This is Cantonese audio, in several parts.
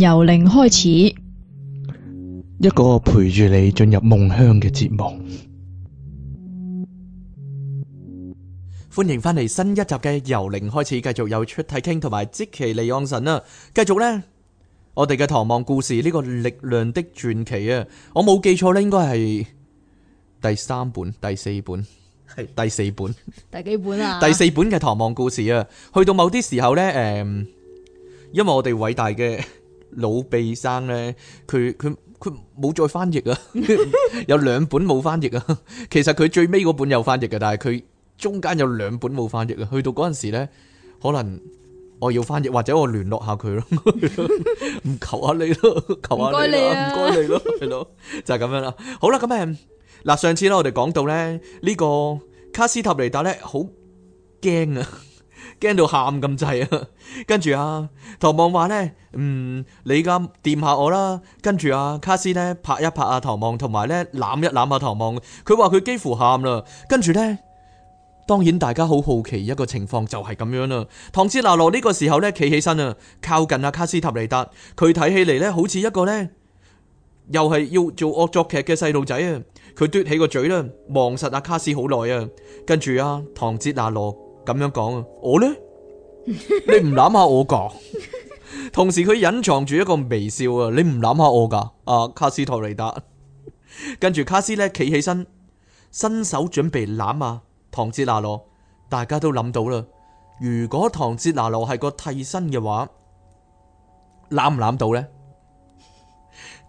由零開始，一個陪住你進入夢鄉嘅節目。歡迎翻嚟新一集嘅由零開始，繼續有出題傾同埋積奇利安神啊！繼續咧，我哋嘅《唐望故事》呢、呢個力量的傳奇啊，我冇記錯咧，應該係第三本、第四本，係第四本， 第幾本啊？第四本嘅《唐望故事》啊，去到某啲時候呢，誒、嗯，因為我哋偉大嘅。老秘先生咧，佢佢佢冇再翻譯啊， 有兩本冇翻譯啊。 其實佢最尾嗰本有翻譯嘅，但係佢中間有兩本冇翻譯啊。去到嗰陣時咧，可能我要翻譯或者我聯絡下佢咯，唔 求下你咯，求下你啦，唔該你咯，係咯，就係咁樣啦。好啦，咁誒，嗱上次咧，我哋講到咧呢個卡斯塔尼達咧好驚啊！驚到喊咁滯啊！跟住啊，唐望話呢，「嗯，你而家掂下我啦。」跟住啊，卡斯呢拍一拍啊唐望，同埋呢攬一攬下唐望。佢話佢幾乎喊啦。跟住呢，當然大家好好奇一個情況就係咁樣啦。唐哲拿羅呢個時候呢，企起身啊，靠近阿、啊、卡斯塔尼達，佢睇起嚟呢，好似一個呢又係要做惡作劇嘅細路仔啊！佢嘟起個嘴啦，望實阿卡斯好耐啊。跟住啊，唐哲拿羅。咁樣講啊，我呢？你唔攬下我噶？同時佢隱藏住一個微笑抱抱，啊，你唔攬下我噶？阿卡斯托尼達，跟 住卡斯咧企起身，伸手準備攬啊唐哲娜羅，大家都諗到啦。如果唐哲娜羅係個替身嘅話，攬唔攬到呢？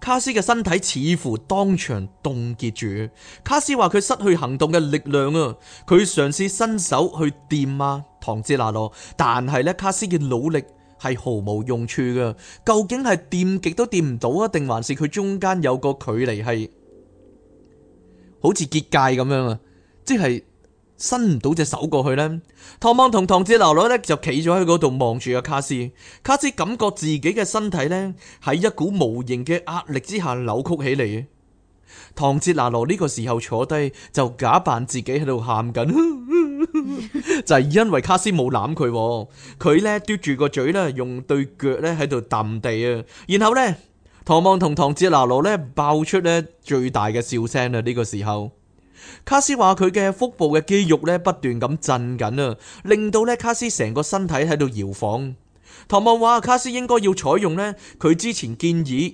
卡斯嘅身體似乎當場凍結住。卡斯話佢失去行動嘅力量啊！佢嘗試伸手去掂啊唐哲娜羅，但係咧卡斯嘅努力係毫無用處噶。究竟係掂極都掂唔到啊？定還是佢中間有個距離係好似結界咁樣啊？即係。伸唔到隻手過去呢？唐望同唐哲拿羅呢就企咗喺嗰度望住阿卡斯，卡斯感覺自己嘅身體呢，喺一股無形嘅壓力之下扭曲起嚟。唐哲拿羅呢個時候坐低就假扮自己喺度喊緊， 就係因為卡斯冇攬佢，佢呢嘟住個嘴呢，用對腳呢喺度揼地啊。然後呢，唐望同唐哲拿羅呢爆出呢最大嘅笑聲啦，呢、呢個時候。卡斯話佢嘅腹部嘅肌肉咧不斷咁震緊啊，令到咧卡斯成個身體喺度搖晃。唐望話卡斯應該要採用咧佢之前建議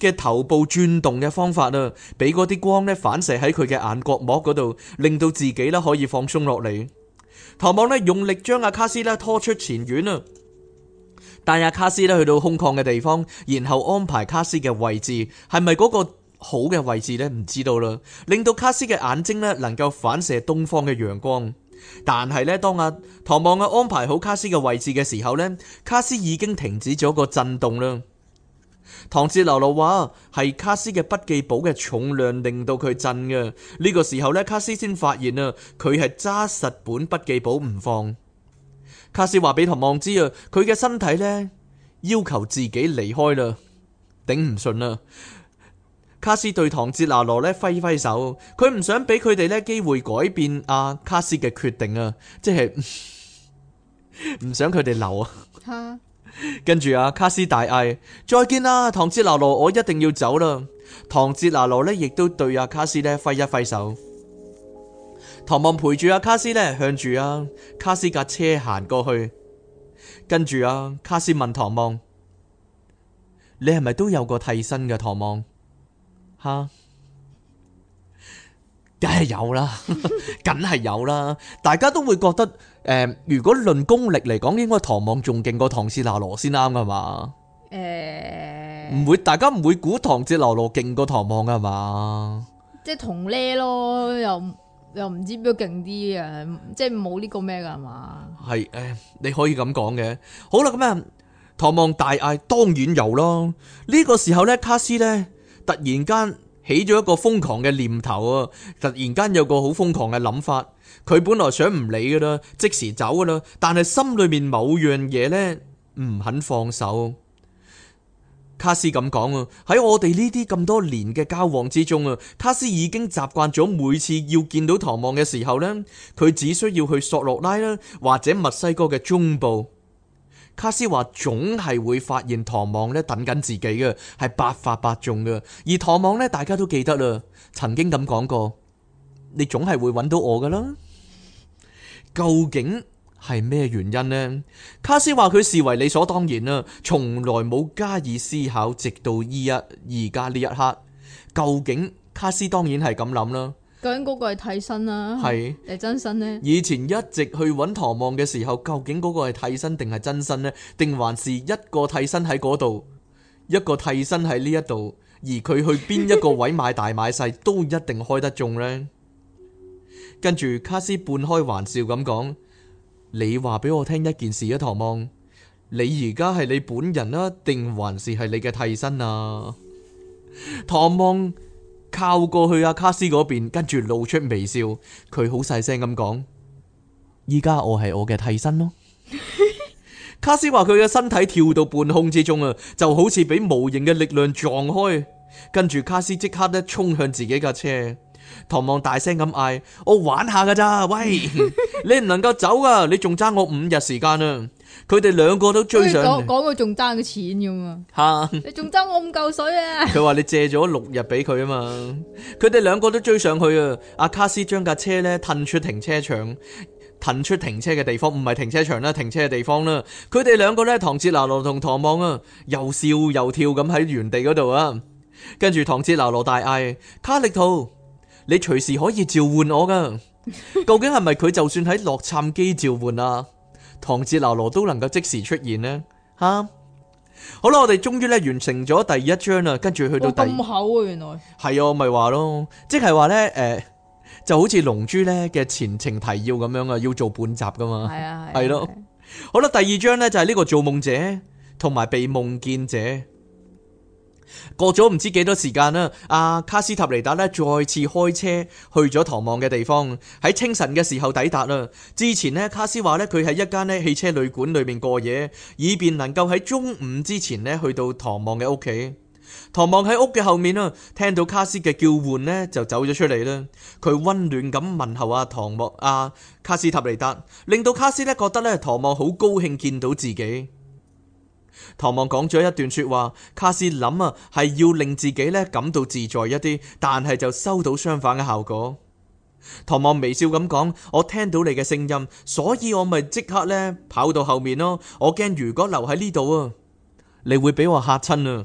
嘅頭部轉動嘅方法啦，俾嗰啲光咧反射喺佢嘅眼角膜嗰度，令到自己咧可以放鬆落嚟。唐望咧用力將阿卡斯咧拖出前院啊！帶阿卡斯咧去到空曠嘅地方，然後安排卡斯嘅位置係咪嗰個？好嘅位置呢，唔知道啦。令到卡斯嘅眼睛，呢能夠反射東方嘅陽光。但係呢，當日、啊、唐望嘅安排好卡斯嘅位置嘅時候呢，卡斯已經停止咗個震動啦。唐志流流話係卡斯嘅筆記簿嘅重量令到佢震嘅。呢、這個時候呢，卡斯先發現啊，佢係揸實本筆記簿唔放。卡斯話俾唐望知啊，佢嘅身體呢要求自己離開啦，頂唔順啦。卡斯對唐哲拿羅呢揮揮手，佢唔想俾佢哋呢機會改變阿卡斯嘅決定啊，即係唔 想佢哋留啊。 跟住阿卡斯大嗌： 再見啦，唐哲拿羅，我一定要走啦。唐哲拿羅呢亦都對阿卡斯呢揮一揮手。唐望陪住阿卡斯呢向住阿卡斯架車行過去，跟住阿卡斯問唐望：你係咪都有個替身嘅？唐望。吓，梗係有啦，梗係有啦，大家都會覺得，誒，如果論功力嚟講，應該唐望仲勁過唐詩拿羅先啱嘅係嘛？誒，唔會，大家唔會估唐詩拿羅勁過唐望嘅係嘛？即係同叻咯，又又唔知邊個勁啲呀，即係冇呢個咩嘅係嘛？係誒，你可以咁講嘅。好啦，咁啊，唐望大嗌當然有咯。呢個時候咧，卡斯咧，突然間起咗一個瘋狂嘅念頭啊！突然間有個好瘋狂嘅諗法，佢本來想唔理噶啦，即時走噶啦，但係心裏面某樣嘢呢，唔肯放手。卡斯咁講啊，喺我哋呢啲咁多年嘅交往之中啊，卡斯已經習慣咗每次要見到唐望嘅時候呢，佢只需要去索洛拉啦，或者墨西哥嘅中部。卡斯話總係會發現唐望咧，等緊自己嘅，係百發百中嘅，而唐望咧大家都記得啦，曾經咁講過，你總係會揾到我噶啦。究竟係咩原因呢？卡斯話佢視為理所當然啦，從來冇加以思考，直到依一而家呢一刻，究竟卡斯當然係咁諗啦。究竟嗰個係替身啦、啊，係是真身咧？以前一直去揾唐望嘅時候，究竟嗰個係替身定係真身咧？定還是一個替身喺嗰度，一個替身喺呢一度，而佢去邊一個位買大買細 都一定開得中呢？跟住卡斯半開玩笑咁講：你話俾我聽一件事啊，唐望，你而家係你本人啊，定還是係你嘅替身啊？唐望。靠過去阿、啊、卡斯嗰邊，跟住露出微笑，佢好細聲咁講：，依家我係我嘅替身咯。 卡斯話佢嘅身體跳到半空之中啊，就好似俾無形嘅力量撞開，跟住卡斯即刻咧衝向自己架車，唐望大聲咁嗌：，我玩下噶咋，喂，你唔能夠走啊，你仲爭我五日時間啊！佢哋兩個都追上，嗰個仲爭嘅錢咁啊！你仲爭我咁嚿水啊！佢話 你借咗六日俾佢啊嘛！佢哋兩個都追上去啊！阿卡斯將架車咧褪出停車場，褪出停車嘅地方，唔係停車場啦，停車嘅地方啦。佢哋兩個咧，唐哲娜羅同唐望啊，又笑又跳咁喺原地嗰度啊！跟住唐哲娜羅大嗌：卡力圖，你隨時可以召喚我噶！究竟係咪佢就算喺洛杉磯召喚啊？ 唐傑流羅都能夠即時出現咧，吓、啊、好啦，我哋終於咧完成咗第一章啦，跟住去到第，咁厚啊，原來係哦，咪話咯，即係話咧，誒，就好似龍珠咧嘅前情提要咁樣啊，要做半集噶嘛，係啊，係咯，啊啊啊，好啦，第二章咧就係呢個做夢者同埋被夢見者。過咗唔知幾多時間啦，阿、啊、卡斯塔尼達咧再次開車去咗唐望嘅地方，喺清晨嘅時候抵達啦。之前咧卡斯話咧佢喺一間咧汽車旅館裏面過夜，以便能夠喺中午之前咧去到唐望嘅屋企。唐望喺屋嘅後面啊，聽到卡斯嘅叫喚咧就走咗出嚟啦。佢溫暖咁問候阿、啊、唐望阿、啊、卡斯塔尼達，令到卡斯咧覺得咧唐望好高興見到自己。唐望講咗一段說話，卡斯諗啊係要令自己呢感到自在一啲，但係就收到相反嘅效果。唐望微笑咁講：我聽到你嘅聲音，所以我咪即刻呢跑到後面咯。我驚如果留喺呢度啊，你會俾我吓親啊。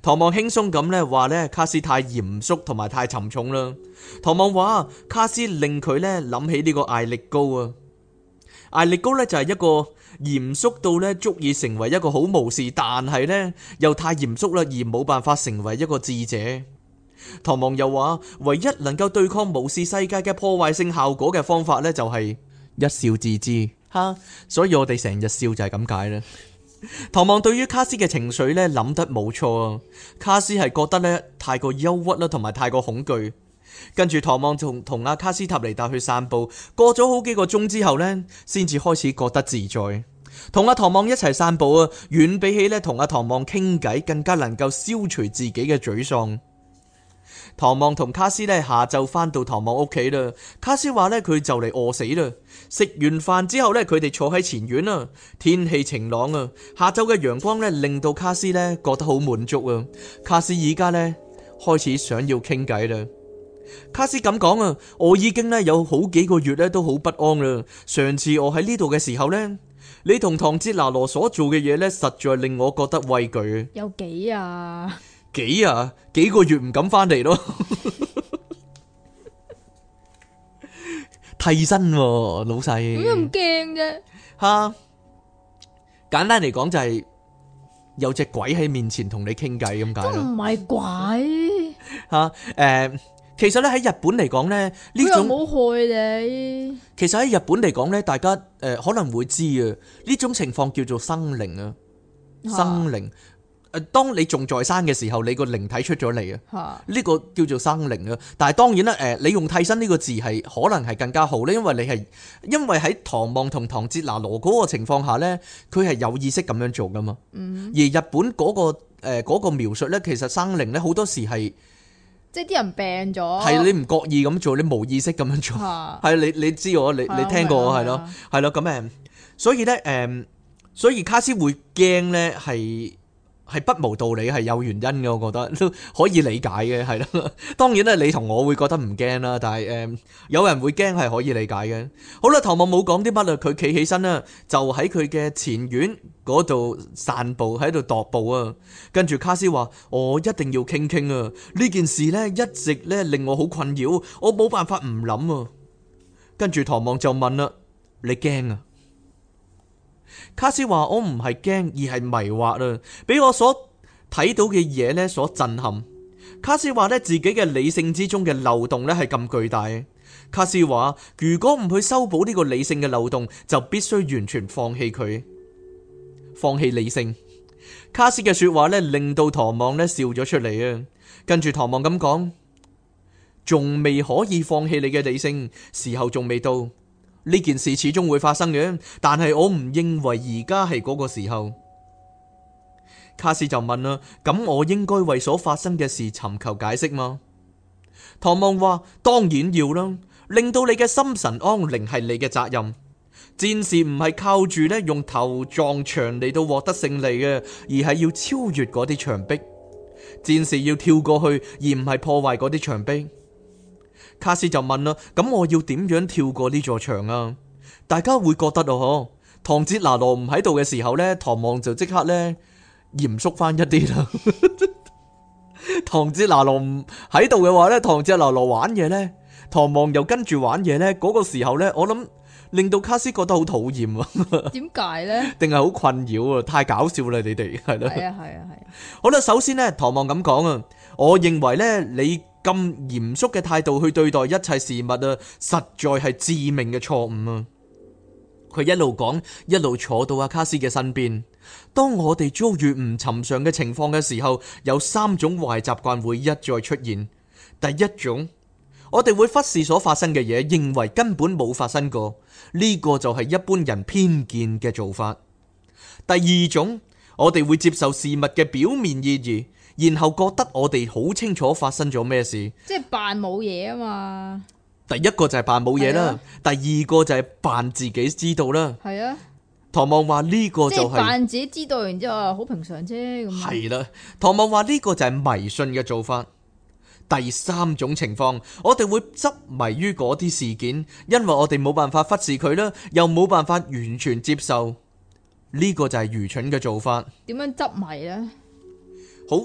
唐望輕鬆咁呢話：呢卡斯太嚴肅同埋太沉重啦。唐望話：卡斯令佢呢諗起呢個艾力高啊，艾力高呢就係一個。嚴肅到咧，足以成為一個好巫士，但係咧又太嚴肅啦，而冇辦法成為一個智者。唐望又話，唯一能夠對抗巫士世界嘅破壞性效果嘅方法呢、就係，就係一笑置之吓。所以我哋成日笑就係咁解啦。 唐望對於卡斯嘅情緒呢，諗得冇錯，卡斯係覺得呢，太過憂鬱啦，同埋太過恐懼。跟住唐望同同阿、啊、卡斯塔尼達去散步，過咗好幾個鐘之後呢，先至開始覺得自在。同阿、啊、唐望一齊散步啊，遠比起呢，同阿、啊、唐望傾偈，更加能夠消除自己嘅沮喪。唐望同卡斯呢下晝返到唐望屋企啦。卡斯話呢，佢就嚟餓死啦。食完飯之後呢，佢哋坐喺前院啊，天氣晴朗啊，下晝嘅陽光呢，令到卡斯呢覺得好滿足啊。卡斯而家呢，開始想要傾偈啦。卡斯咁講啊，我已經咧有好幾個月咧都好不安啦。上次我喺呢度嘅時候咧，你同唐哲拿羅所做嘅嘢咧，實在令我覺得畏懼。有幾啊？幾啊？幾個月唔敢翻嚟咯。替身喎，老細。咁樣唔驚啫。吓，簡單嚟講就係有隻鬼喺面前同你傾偈咁解咯。都唔係鬼。吓，誒。其實咧，喺日本嚟講咧呢種，佢又冇害你。其實喺日本嚟講咧，大家誒，可能會知啊，呢種情況叫做生靈啊，生靈。誒，當你仲在生嘅時候，你個靈體出咗嚟啊，呢個叫做生靈啊。但係當然啦，誒，你用替身呢個字係可能係更加好咧，因為你係因為喺唐望同唐哲拿羅嗰個情況下咧，佢係有意識咁樣做噶嘛。嗯。而日本嗰個誒嗰個描述咧，其實生靈咧好多時係。即係啲人病咗，係你唔覺意咁做，你冇意識咁樣做，係、啊、 你你知我，你你聽過我係咯，係咯咁誒，所以咧誒、嗯，所以卡斯會驚咧係。係不無道理，係有原因嘅，我覺得都可以理解嘅，係啦。當然咧，你同我會覺得唔驚啦，但係誒、呃，有人會驚係可以理解嘅。好啦，唐望冇講啲乜啦，佢企起身啦，就喺佢嘅前院嗰度散步，喺度踱步啊。跟住卡斯話：我一定要傾傾啊，呢件事呢，一直呢令我好困擾，我冇辦法唔諗啊。跟住唐望就問啦：你驚啊？卡斯話：我唔係驚，而係迷惑啊！俾我所睇到嘅嘢呢所震撼。卡斯話呢自己嘅理性之中嘅漏洞呢係咁巨大。卡斯話如果唔去修補呢個理性嘅漏洞，就必須完全放棄佢，放棄理性。卡斯嘅說話呢令到唐望呢笑咗出嚟啊！跟住唐望咁講：仲未可以放棄你嘅理性，時候仲未到。呢件事始終會發生嘅，但係我唔認為而家係嗰個時候。卡斯就問啦：咁、嗯、我應該為所發生嘅事尋求解釋嗎？唐望話：當然要啦，令到你嘅心神安寧係你嘅責任。戰士唔係靠住呢用頭撞牆嚟到獲得勝利嘅，而係要超越嗰啲牆壁。戰士要跳過去，而唔係破壞嗰啲牆壁。卡斯就問啦，咁我要點樣跳過呢座牆啊？大家會覺得哦嗬，唐哲拿羅唔喺度嘅時候咧，唐望就即刻咧嚴肅翻一啲啦。唐哲拿羅唔喺度嘅話咧，唐哲拿羅玩嘢咧，唐望又跟住玩嘢咧，嗰個時候咧，我諗令到卡斯覺得好討厭啊。點解咧？定係好困擾啊？太搞笑啦！你哋係咯。係啊，係啊，係啊。好啦，首先咧，唐望咁講啊，我認為咧你。咁嚴肅嘅態度去對待一切事物啊，實在係致命嘅錯誤啊！佢一路講，一路坐到阿卡斯嘅身邊。當我哋遭遇唔尋常嘅情況嘅時候，有三種壞習慣會一再出現。第一種，我哋會忽視所發生嘅嘢，認為根本冇發生過，呢個就係一般人偏見嘅做法。第二種，我哋會接受事物嘅表面意義。然後覺得我哋好清楚發生咗咩事，即係扮冇嘢啊嘛。第一個就係扮冇嘢啦，啊、第二個就係扮自己知道啦。係啊，唐望話呢個就係扮自己知道，然之後好平常啫。係啦，唐望話呢個就係迷信嘅做法。第三種情況，我哋會執迷於嗰啲事件，因為我哋冇辦法忽視佢啦，又冇辦法完全接受，呢、這個就係愚蠢嘅做法。點樣執迷啊？好。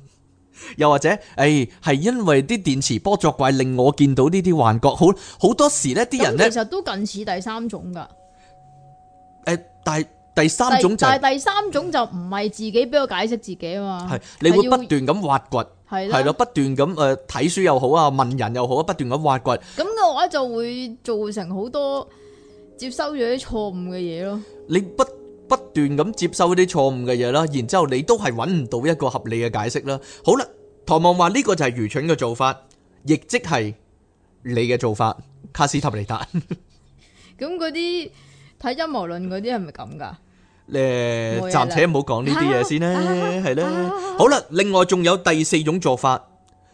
又或者，誒，係因為啲電磁波作怪，令我見到呢啲幻覺，好好多時咧，啲人咧，其實都近似第三種噶。誒，但係第三種就，但係第三種就唔係自己俾我解釋自己啊嘛。係，你會不斷咁挖掘，係啦，係咯，不斷咁誒，睇書又好啊，問人又好啊，不斷咁挖掘，咁嘅話就會造成好多接收咗啲錯誤嘅嘢咯。你不斷咁接受一啲錯誤嘅嘢啦，然之後你都係揾唔到一個合理嘅解釋啦。好啦，唐望話呢個就係愚蠢嘅做法，亦即係你嘅做法，卡斯塔尼達。咁嗰啲睇陰謀論嗰啲係咪咁㗎？誒，暫且唔好講呢啲嘢先啦，係啦。好啦，另外仲有第四種做法，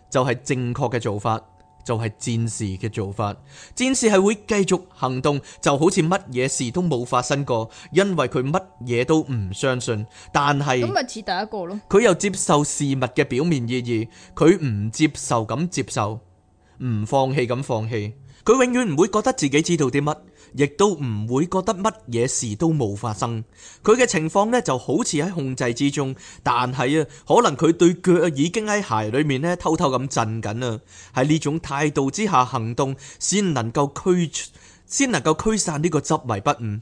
就係正確嘅做法。就係戰士嘅做法，戰士係會繼續行動，就好似乜嘢事都冇發生過，因為佢乜嘢都唔相信。但係咁咪似第一個咯，佢又接受事物嘅表面意義，佢唔接受咁接受，唔放棄咁放棄，佢永遠唔會覺得自己知道啲乜。亦都唔會覺得乜嘢事都冇發生，佢嘅情況呢就好似喺控制之中，但係啊，可能佢對腳已經喺鞋裏面呢偷偷咁震緊啦。喺呢種態度之下行動，先能夠驅，先能夠驅散呢個執迷不悟。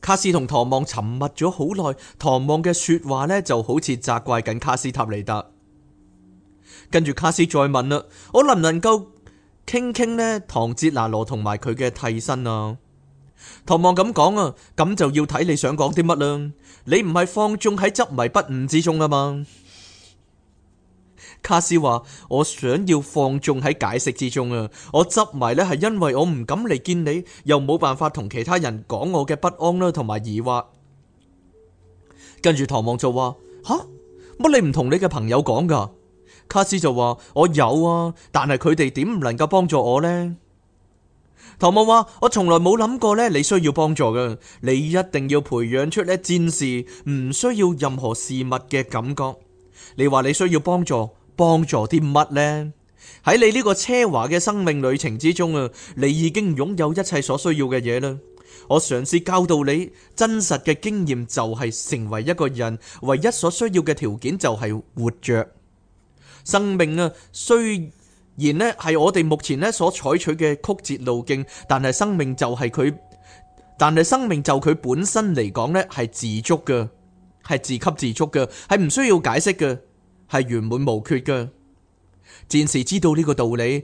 卡斯同唐望沉默咗好耐，唐望嘅說話呢就好似責怪緊卡斯塔尼達。跟住卡斯再問啦，我能唔能夠傾傾呢？唐哲拿羅同埋佢嘅替身啊？唐望咁講啊，咁就要睇你想講啲乜啦。你唔係放縱喺執迷不悟之中啊嘛？卡斯話：我想要放縱喺解釋之中啊。我執迷呢係因為我唔敢嚟見你，又冇辦法同其他人講我嘅不安啦，同埋疑惑。跟住唐望就話：吓，乜你唔同你嘅朋友講噶？卡斯就話：我有啊，但係佢哋點唔能夠幫助我呢？唐望話：我從來冇諗過咧，你需要幫助嘅。你一定要培養出咧戰士唔需要任何事物嘅感覺。你話你需要幫助，幫助啲乜呢？喺你呢個奢華嘅生命旅程之中啊，你已經擁有一切所需要嘅嘢啦。我嘗試教導你真實嘅經驗，就係成為一個人唯一所需要嘅條件就係活着。生命啊，需。然呢係我哋目前呢所採取嘅曲折路徑，但係生命就係佢，但係生命就佢本身嚟講呢係自足嘅，係自給自足嘅，係唔需要解釋嘅，係圓滿無缺嘅。戰士知道呢個道理，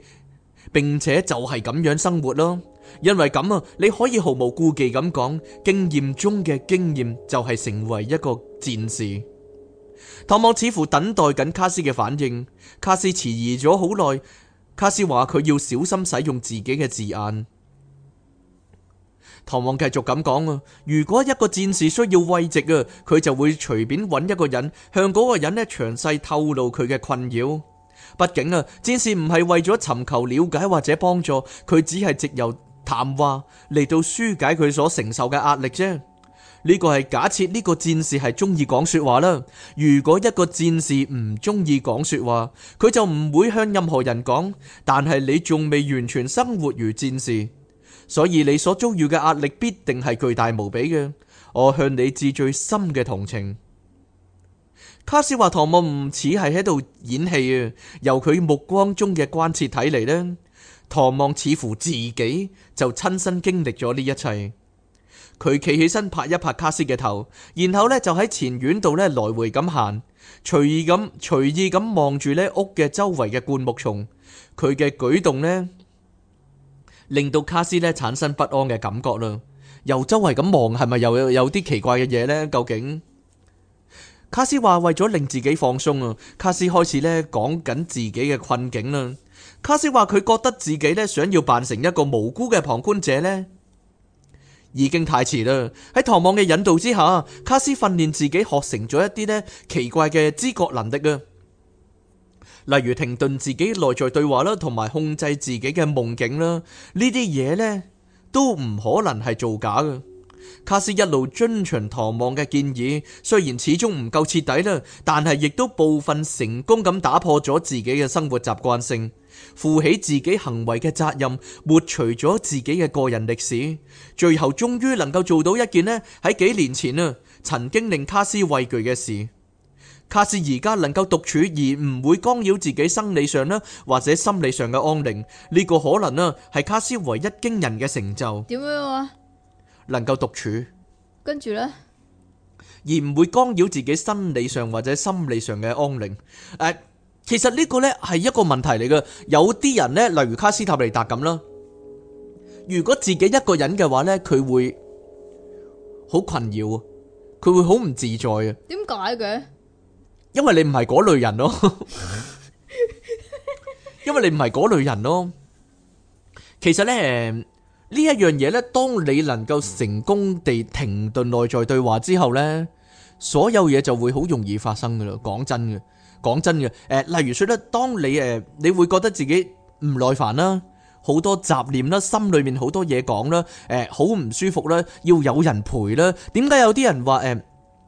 並且就係咁樣生活咯，因為咁啊，你可以毫無顧忌咁講，經驗中嘅經驗就係成為一個戰士。唐望似乎等待緊卡斯嘅反應，卡斯遲疑咗好耐。卡斯話佢要小心使用自己嘅字眼。唐望繼續咁講啊，如果一個戰士需要慰藉啊，佢就會隨便揾一個人，向嗰個人咧，詳細透露佢嘅困擾。畢竟啊，戰士唔係為咗尋求了解或者幫助，佢只係藉由談話嚟到紓解佢所承受嘅壓力啫。呢個係假設呢個戰士係中意講說話啦。如果一個戰士唔中意講說話，佢就唔會向任何人講。但係你仲未完全生活如戰士，所以你所遭遇嘅壓力必定係巨大無比嘅。我向你致最深嘅同情。卡斯話：唐望唔似係喺度演戲啊。由佢目光中嘅關切睇嚟呢，唐望似乎自己就親身經歷咗呢一切。佢企起身拍一拍卡斯嘅頭，然後呢就喺前院度呢來回咁行，隨意咁隨意咁望住呢屋嘅周圍嘅灌木叢。佢嘅舉動呢令到卡斯呢產生不安嘅感覺啦。由周圍咁望，係咪又有啲奇怪嘅嘢呢？究竟卡斯話為咗令自己放鬆啊？卡斯開始呢講緊自己嘅困境啦。卡斯話佢覺得自己呢想要扮成一個無辜嘅旁觀者呢。已經太遲啦！喺唐望嘅引導之下，卡斯訓練自己學成咗一啲呢奇怪嘅知覺能力啊，例如停頓自己內在對話啦，同埋控制自己嘅夢境啦，呢啲嘢呢都唔可能係造假嘅。卡斯一路遵循唐望嘅建議，雖然始終唔夠徹底啦，但係亦都部分成功咁打破咗自己嘅生活習慣性。負起自己行為嘅責任，抹除咗自己嘅個人歷史，最後終於能夠做到一件呢喺幾年前啊曾經令卡斯畏懼嘅事。卡斯而家能夠獨處而唔會干擾自己生理上呢或者心理上嘅安寧，呢個可能呢係卡斯唯一驚人嘅成就。點樣啊？能夠獨處，跟住呢，而唔會干擾自己生理上或者心理上嘅安寧。誒。其實呢個咧係一個問題嚟噶，有啲人咧，例如卡斯塔尼達咁啦。如果自己一個人嘅話咧，佢會好困擾，佢會好唔自在嘅。點解嘅？因為你唔係嗰類人咯，因為你唔係嗰類人咯。其實咧，呢一樣嘢咧，當你能夠成功地停頓內在對話之後咧，所有嘢就會好容易發生噶啦。講真嘅。講真嘅，誒、呃，例如說咧，當你誒、呃，你會覺得自己唔耐煩啦，好多雜念啦，心裏面好多嘢講啦，誒、呃，好唔舒服啦，要有人陪啦。點解有啲人話，誒、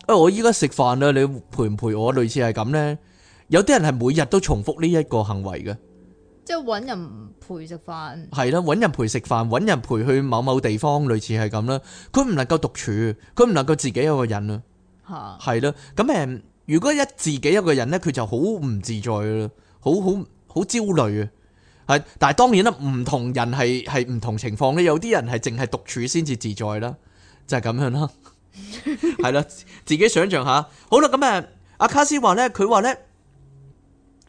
呃，我依家食飯啦，你陪唔陪我？類似係咁呢，有啲人係每日都重複呢一個行為嘅，即係揾人陪食飯，係啦，揾人陪食飯，揾人陪去某某地方，類似係咁啦。佢唔能夠獨處，佢唔能夠自己一個人啦，係啦、啊，咁誒。嗯嗯如果一自己一個人呢，佢就好唔自在嘅咯，好好好焦慮啊，係，但係當然啦，唔同人係係唔同情況咧，有啲人係淨係獨處先至自在啦，就係、是、咁樣啦，係啦， 自己想像下，好啦，咁誒，阿卡斯話呢，佢話呢。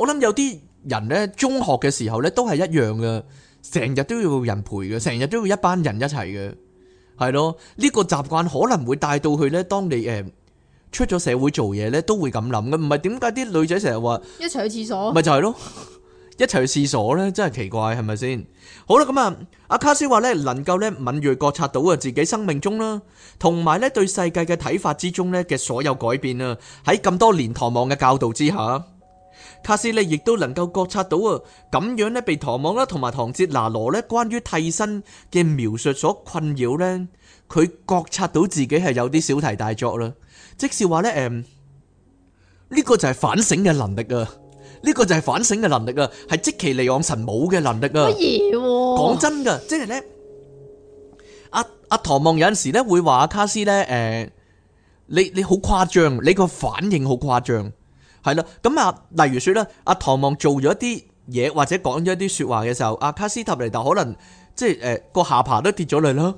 我諗有啲人咧，中學嘅時候咧都係一樣嘅，成日都要人陪嘅，成日都要一班人一齊嘅，係咯。呢個習慣可能會帶到去咧。當你誒出咗社會做嘢咧，都會咁諗嘅。唔係點解啲女仔成日話一齊去廁所？咪就係咯，一齊去廁所咧，真係奇怪，係咪先？好啦，咁啊，阿卡斯話咧，能夠咧敏銳覺察到啊自己生命中啦，同埋咧對世界嘅睇法之中咧嘅所有改變啊，喺咁多年唐望嘅教導之下。.卡斯咧亦都能夠覺察到啊，咁樣咧被唐望啦同埋唐哲拿羅咧關於替身嘅描述所困擾咧，佢覺察到自己係有啲小題大作啦。即是話咧，誒，呢個就係反省嘅能力啊，呢個就係反省嘅能力啊，係即其嚟往神武嘅能力啊。乜講真噶，即係咧，阿阿唐望有陣時咧會話卡斯咧，誒、嗯，你你好誇張，你個反應好誇張。係啦，咁啊，例如說咧，阿唐望做咗一啲嘢，或者講咗一啲說話嘅時候，阿卡斯塔尼達可能即係誒個下巴都跌咗嚟啦，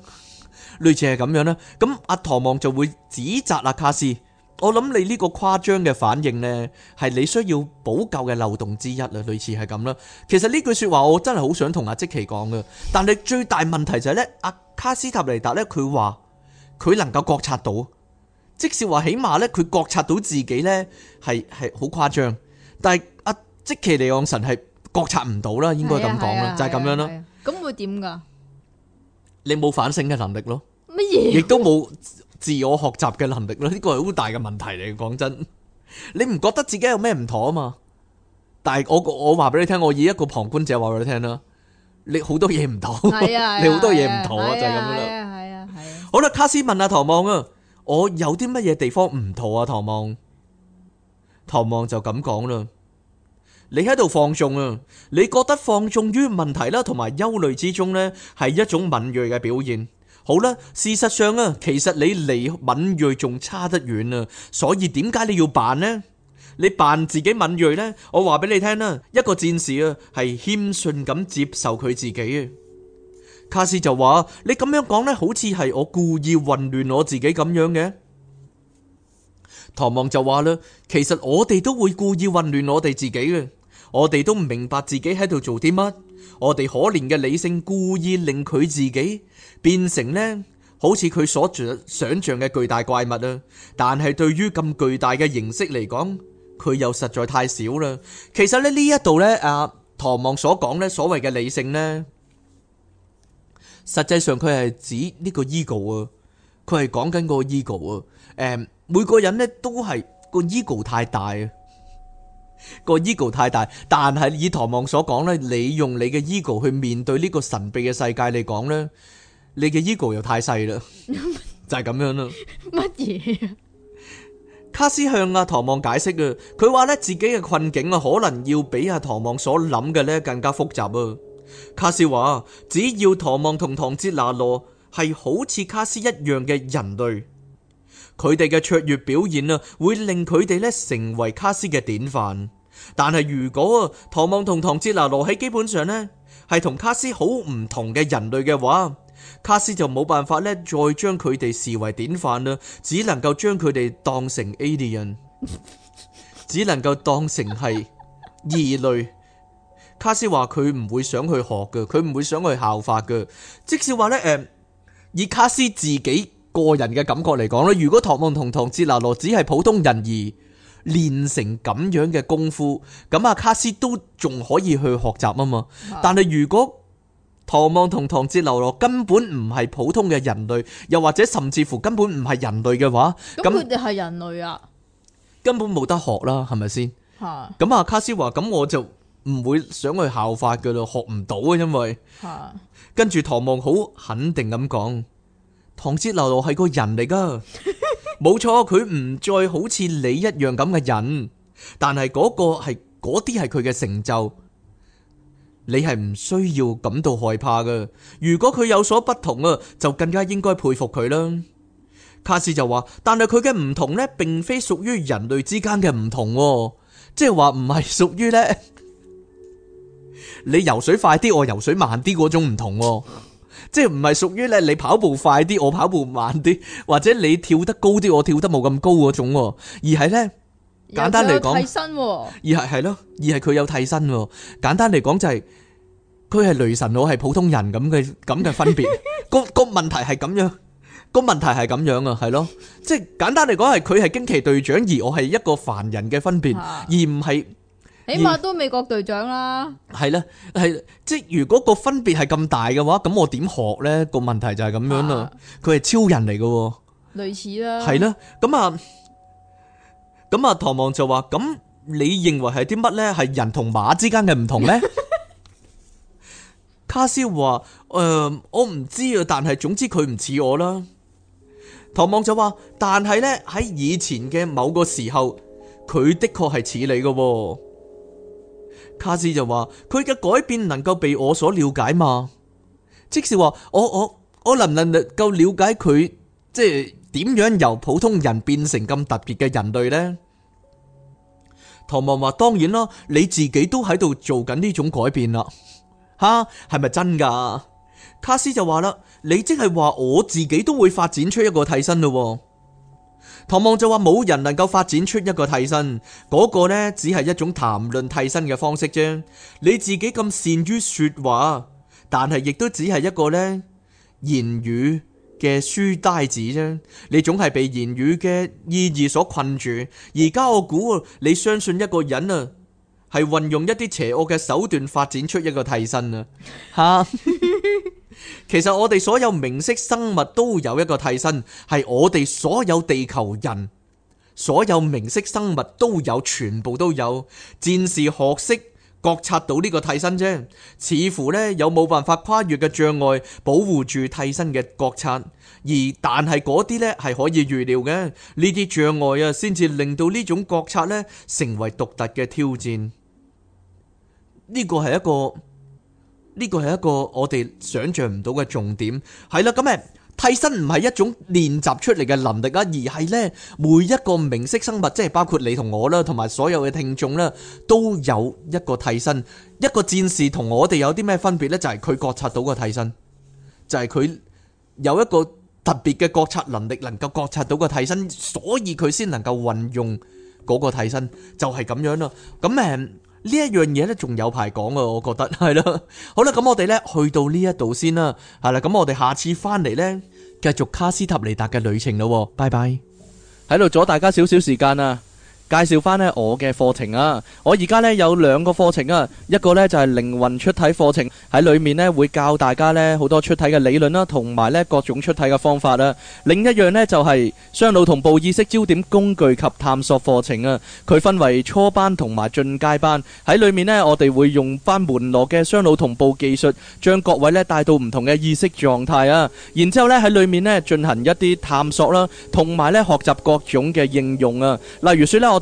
類似係咁樣啦。咁、嗯、阿唐望就會指責阿卡斯，我諗你呢個誇張嘅反應呢，係你需要補救嘅漏洞之一啦，類似係咁啦。其實呢句說話我真係好想同阿即奇講嘅，但係最大問題就係、是、呢，阿卡斯塔尼達呢，佢話佢能夠覺察到。即使話起碼咧，佢覺察到自己咧係係好誇張，但係阿即其嚟講神係覺察唔到啦，應該咁講啦，就係咁樣啦。咁會點噶？你冇反省嘅能力咯，乜嘢？亦都冇自我學習嘅能力咯，呢個係好大嘅問題嚟。講真，你唔覺得自己有咩唔妥啊嘛？但係我我話俾你聽，我以一個旁觀者話俾你聽啦，你好多嘢唔妥，你好多嘢唔妥啊，就係咁樣啦。係啊係啊。好啦，卡斯問阿唐望啊。我有啲乜嘢地方唔妥啊？唐望，唐望就咁講啦。你喺度放縱啊？你覺得放縱於問題啦，同埋憂慮之中呢，係一種敏銳嘅表現。好啦，事實上啊，其實你離敏銳仲差得遠啊。所以點解你要扮呢？你扮自己敏銳呢？我話俾你聽啦，一個戰士啊，係謙遜咁接受佢自己啊。卡斯就話，你咁樣講咧，好似係我故意混亂我自己咁樣嘅。唐望就話啦，其實我哋都會故意混亂我哋自己嘅，我哋都唔明白自己喺度做啲乜。我哋可憐嘅理性故意令佢自己變成呢，好似佢所想象嘅巨大怪物啦。但係對於咁巨大嘅形式嚟講，佢又實在太少啦。其實咧呢一度呢，阿唐望所講呢所謂嘅理性呢，.實際上佢係指呢個 ego 啊，佢係講緊個 ego 啊。誒，每個人咧都係個 ego 太大啊，個 ego 太大。但係以唐望所講咧，你用你嘅 ego 去面對呢個神秘嘅世界嚟講咧，你嘅 ego 又太細啦，就係咁樣囉。乜嘢啊？卡斯向阿唐望解釋啊，佢話咧自己嘅困境啊，可能要比阿唐望所諗嘅咧更加複雜啊。卡斯話：只要唐望同唐哲拿羅係好似卡斯一樣嘅人類，佢哋嘅卓越表現啊，會令佢哋咧成為卡斯嘅典範。但係如果啊，唐望同唐哲拿羅喺基本上咧係同卡斯好唔同嘅人類嘅話，卡斯就冇辦法咧再將佢哋視為典範啦，只能夠將佢哋當成 alien，只能夠當成係異類。卡斯話，佢唔會想去學嘅，佢唔會想去效法嘅。即使話呢，誒、嗯，以卡斯自己個人嘅感覺嚟講咧，如果唐望同唐哲流羅只係普通人而練成咁樣嘅功夫，咁阿卡斯都仲可以去學習啊嘛。但係如果唐望同唐哲流羅根本唔係普通嘅人類，又或者甚至乎根本唔係人類嘅話，咁佢哋係人類啊，根本冇得學啦，係咪先？係、嗯。咁阿卡斯話，咁我就。唔會想去效法噶啦，學唔到啊，因為、啊、跟住唐望好肯定咁講，唐哲流流係個人嚟噶，冇錯， 佢唔再好似你一樣咁嘅人。但係嗰個係嗰啲係佢嘅成就，你係唔需要感到害怕嘅。如果佢有所不同啊，就更加應該佩服佢啦。卡斯就話，但係佢嘅唔同呢，並非屬於人類之間嘅唔同，即係話唔係屬於呢。 你游水快啲，我游水慢啲嗰種唔同，即係唔係屬於咧你跑步快啲，我跑步慢啲，或者你跳得高啲，我跳得冇咁高嗰種，而係咧簡單嚟講，而係係咯，而係佢有替身，簡單嚟講就係佢係雷神，我係普通人咁嘅咁嘅分別。個個問題係咁樣，個問題係咁樣啊，係咯，即係簡單嚟講係佢係驚奇隊長，而我係一個凡人嘅分別，而唔係。起碼都美國隊長啦，係啦，係即係如果個分別係咁大嘅話，咁我點學呢？個問題就係咁樣啦。佢係、啊、超人嚟嘅，類似啦，係啦。咁、嗯、啊，咁、嗯、啊、嗯，唐望就話：咁、嗯、你認為係啲乜呢？係人同馬之間嘅唔同呢？」 卡斯話：誒、呃，我唔知啊，但係總之佢唔似我啦。唐望就話：但係呢，喺以前嘅某個時候，佢的確係似你嘅。卡斯就話：佢嘅改變能夠被我所了解嘛？即是話我我我能唔能夠了解佢，即係點樣由普通人變成咁特別嘅人類呢？唐望話：當然啦，你自己都喺度做緊呢種改變啦，吓係咪真噶？卡斯就話啦：你即係話我自己都會發展出一個替身咯。唐望就話，冇人能夠發展出一個替身，嗰個呢只係一種談論替身嘅方式啫。你自己咁善於說話，但係亦都只係一個呢言語嘅書呆子啫。你總係被言語嘅意義所困住。而家我估你相信一個人啊，係運用一啲邪惡嘅手段發展出一個替身啊，吓。 其實我哋所有明識生物都有一個替身，係我哋所有地球人，所有明識生物都有，全部都有。戰士學識覺察到呢個替身啫，似乎呢有冇辦法跨越嘅障礙，保護住替身嘅覺察。而但係嗰啲呢係可以預料嘅。呢啲障礙啊，先至令到呢種覺察呢成為獨特嘅挑戰。呢個係一個。呢個係一個我哋想象唔到嘅重點，係啦，咁誒，替身唔係一種練習出嚟嘅能力啊，而係呢每一個明識生物，即係包括你同我啦，同埋所有嘅聽眾啦，都有一個替身。一個戰士同我哋有啲咩分別呢？就係佢覺察到個替身，就係佢有一個特別嘅覺察能力，能夠覺察到個替身，所以佢先能夠運用嗰個替身，就係咁樣囉。咁誒。呢一樣嘢咧，仲有排講啊！我覺得係咯，好啦，咁我哋咧去到呢一度先啦，係啦，咁我哋下次返嚟呢，繼續卡斯塔尼達嘅旅程咯，拜拜，喺度阻大家少少時間啊！介紹翻呢我嘅課程啊！我而家呢有兩個課程啊，一個呢就係靈魂出體課程，喺裡面呢會教大家呢好多出體嘅理論啦，同埋呢各種出體嘅方法啊。另一樣呢就係雙腦同步意識焦點工具及探索課程啊。佢分為初班同埋進階班，喺裡面呢我哋會用翻門羅嘅雙腦同步技術，將各位呢帶到唔同嘅意識狀態啊。然之後呢喺裡面呢進行一啲探索啦，同埋呢學習各種嘅應用啊。例如説呢我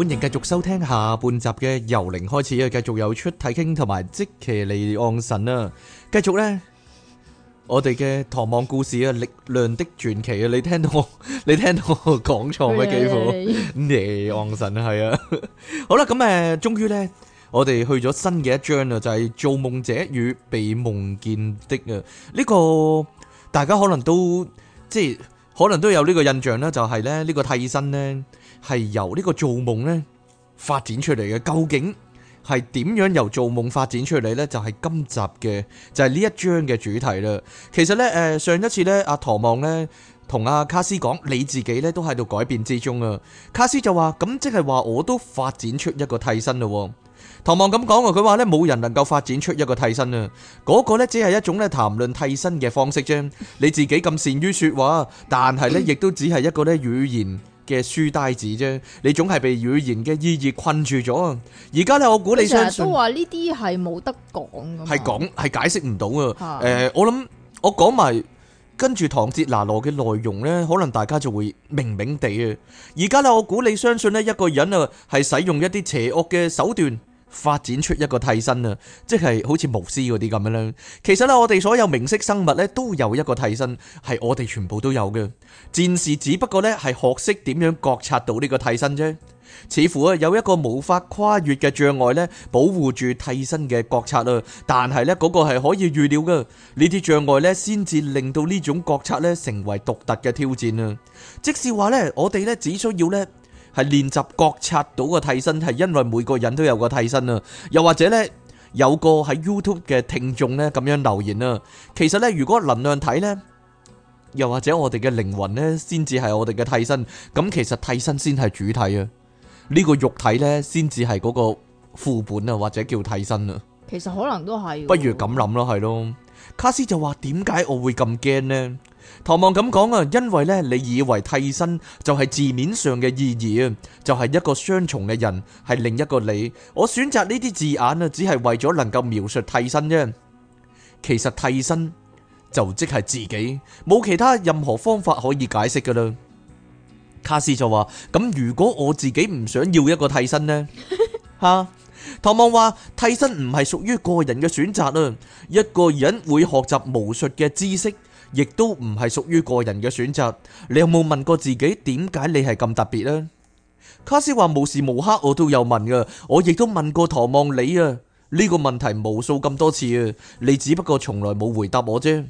歡迎繼續收聽下半集嘅由零開始啊，繼續有出體傾同埋即期離岸神啊！繼續咧，我哋嘅《唐望故事》啊，《力量的傳奇》啊，你聽到我，你聽到我講錯咩？幾乎離岸神係啊！好啦，咁誒，終於咧，我哋去咗新嘅一章啦，就係《做夢者與被夢見的》啊！呢個大家可能都即係，可能都有呢個印象啦，就係咧呢個替身咧。係由呢個做夢咧發展出嚟嘅，究竟係點樣由做夢發展出嚟咧？就係今集嘅，就係呢一章嘅主題啦。其實咧，誒上一次咧，阿唐望咧同阿卡斯講，你自己咧都喺度改變之中啊。卡斯就話：咁即係話我都發展出一個替身啦。唐望咁講啊，佢話咧冇人能夠發展出一個替身啊。嗰個咧只係一種咧談論替身嘅方式啫。你自己咁善於說話，但係咧亦都只係一個咧語言嘅書呆子啫，你總係被語言嘅意義困住咗啊！而家咧，我估你相信都話呢啲係冇得講噶，係講係解釋唔到啊！誒，我諗我講埋跟住唐哲拿羅嘅內容咧，可能大家就會明明地啊！而家咧，我估你相信咧，一個人啊係使用一啲邪惡嘅手段。發展出一個替身啊，即係好似巫師嗰啲咁樣咧。其實呢，我哋所有明識生物呢，都有一個替身，係我哋全部都有嘅。戰士只不過呢，係學識點樣覺察到呢個替身啫。似乎啊有一個無法跨越嘅障礙呢，保護住替身嘅覺察啊。但係呢，嗰個係可以預料嘅，呢啲障礙呢，先至令到呢種覺察呢，成為獨特嘅挑戰啊。即使話呢，我哋呢，只需要呢。係練習覺察到個替身，係因為每個人都有個替身啊！又或者呢，有個喺 YouTube 嘅聽眾呢咁樣留言啊！其實呢，如果能量體呢，又或者我哋嘅靈魂呢，先至係我哋嘅替身。咁其實替身先係主體啊！呢個肉體呢，先至係嗰個副本啊，或者叫替身啊！其實可能都係。不如咁諗咯，係咯。卡斯就話：點解我會咁驚呢？唐望咁講啊，因為咧你以為替身就係字面上嘅意義啊，就係、是、一個雙重嘅人，係另一個你。我選擇呢啲字眼啊，只係為咗能夠描述替身啫。其實替身就即係自己，冇其他任何方法可以解釋噶啦。卡斯就話：咁如果我自己唔想要一個替身呢？吓、啊，唐望話替身唔係屬於個人嘅選擇啊，一個人會學習巫術嘅知識。亦都唔係屬於個人嘅選擇。你有冇問過自己點解你係咁特別呢？卡斯話，無時無刻我都有問噶我亦都問過唐望你啊。呢個問題無數咁多次啊，你只不過從來冇回答我啫。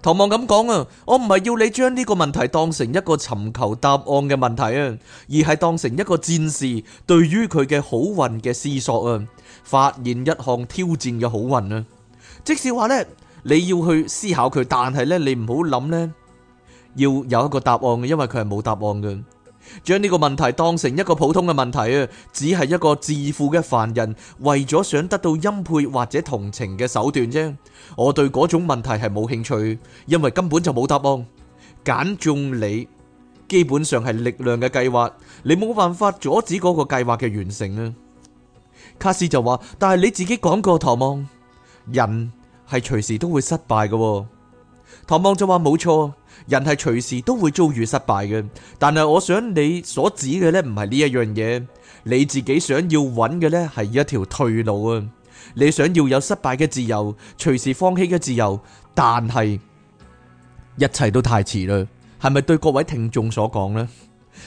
唐望咁講啊，我唔係要你將呢個問題當成一個尋求答案嘅問題啊，而係當成一個戰士對於佢嘅好運嘅思索啊，發現一項挑戰嘅好運啊，即使話呢。你要去思考佢，但係咧，你唔好諗咧，要有一個答案嘅，因為佢係冇答案嘅。將呢個問題當成一個普通嘅問題啊，只係一個自負嘅凡人為咗想得到欽佩或者同情嘅手段啫。我對嗰種問題係冇興趣，因為根本就冇答案。揀中你，基本上係力量嘅計劃，你冇辦法阻止嗰個計劃嘅完成啊。卡斯就話：但係你自己講過，唐望人。係隨時都會失敗嘅。哦，唐望就話冇錯，人係隨時都會遭遇失敗嘅。但係我想你所指嘅呢唔係呢一樣嘢，你自己想要揾嘅呢係一條退路啊！你想要有失敗嘅自由，隨時放棄嘅自由，但係一切都太遲啦。係咪對各位聽眾所講呢？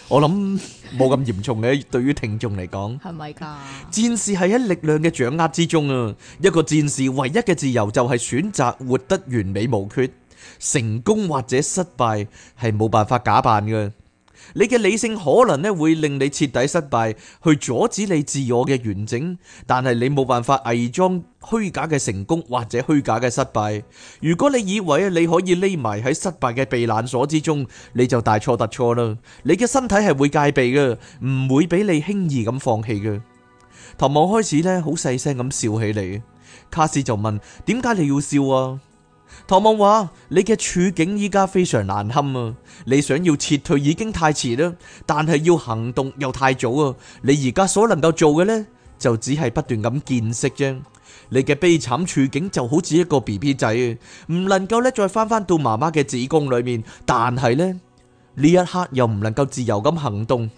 我諗冇咁嚴重嘅，對於聽眾嚟講係咪噶？戰士係喺力量嘅掌握之中啊！一個戰士唯一嘅自由就係選擇活得完美無缺，成功或者失敗係冇辦法假扮嘅。你嘅理性可能呢會令你徹底失敗，去阻止你自我嘅完整。但係你冇辦法偽裝虛假嘅成功或者虛假嘅失敗。如果你以為你可以匿埋喺失敗嘅避難所之中，你就大錯特錯啦。你嘅身體係會戒備嘅，唔會俾你輕易咁放棄嘅。唐望開始呢好細聲咁笑起嚟，卡斯就問：點解你要笑啊？唐望話：你嘅處境依家非常難堪啊！你想要撤退已經太遲啦，但係要行動又太早啊！你而家所能夠做嘅呢，就只係不斷咁見識啫。你嘅悲慘處境就好似一個 BB 仔，啊，唔能夠咧再翻翻到媽媽嘅子宮裏面，但係呢，呢一刻又唔能夠自由咁行動。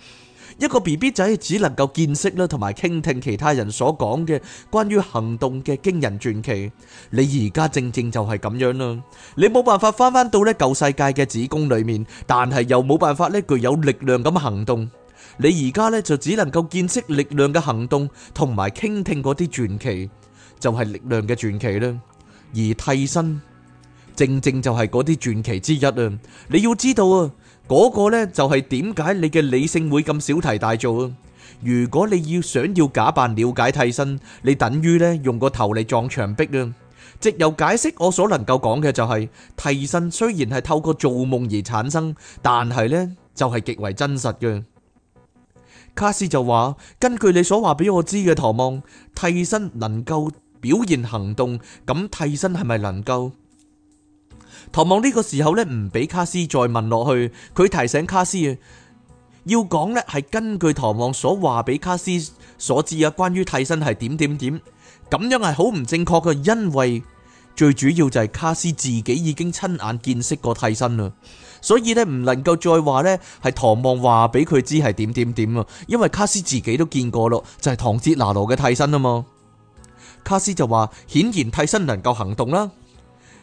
一個 BB 仔只能夠見識啦，同埋傾聽其他人所講嘅關於行動嘅驚人傳奇。你而家正正就係咁樣啦，你冇辦法返返到呢舊世界嘅子宮裏面，但係又冇辦法呢具有力量咁行動。你而家呢就只能夠見識力量嘅行動，同埋傾聽嗰啲傳奇，就係力量嘅傳奇啦。而替身正正就係嗰啲傳奇之一啊！你要知道啊。嗰個咧就係點解你嘅理性會咁小題大做啊？如果你要想要假扮了解替身，你等於咧用個頭嚟撞牆壁啊！藉由解釋我所能夠講嘅就係，替身雖然係透過做夢而產生，但係咧就係極為真實嘅。卡斯就話：根據你所話俾我知嘅唐望，替身能夠表現行動，咁替身係咪能夠？唐望呢個時候呢，唔俾卡斯再問落去，佢提醒卡斯啊，要講呢係根據唐望所話俾卡斯所知啊，關於替身係點點點，咁樣係好唔正確嘅，因為最主要就係卡斯自己已經親眼見識過替身啦，所以呢，唔能夠再話呢係唐望話俾佢知係點點點啊，因為卡斯自己都見過咯，就係、是、唐哲拿羅嘅替身啊嘛，卡斯就話顯然替身能夠行動啦。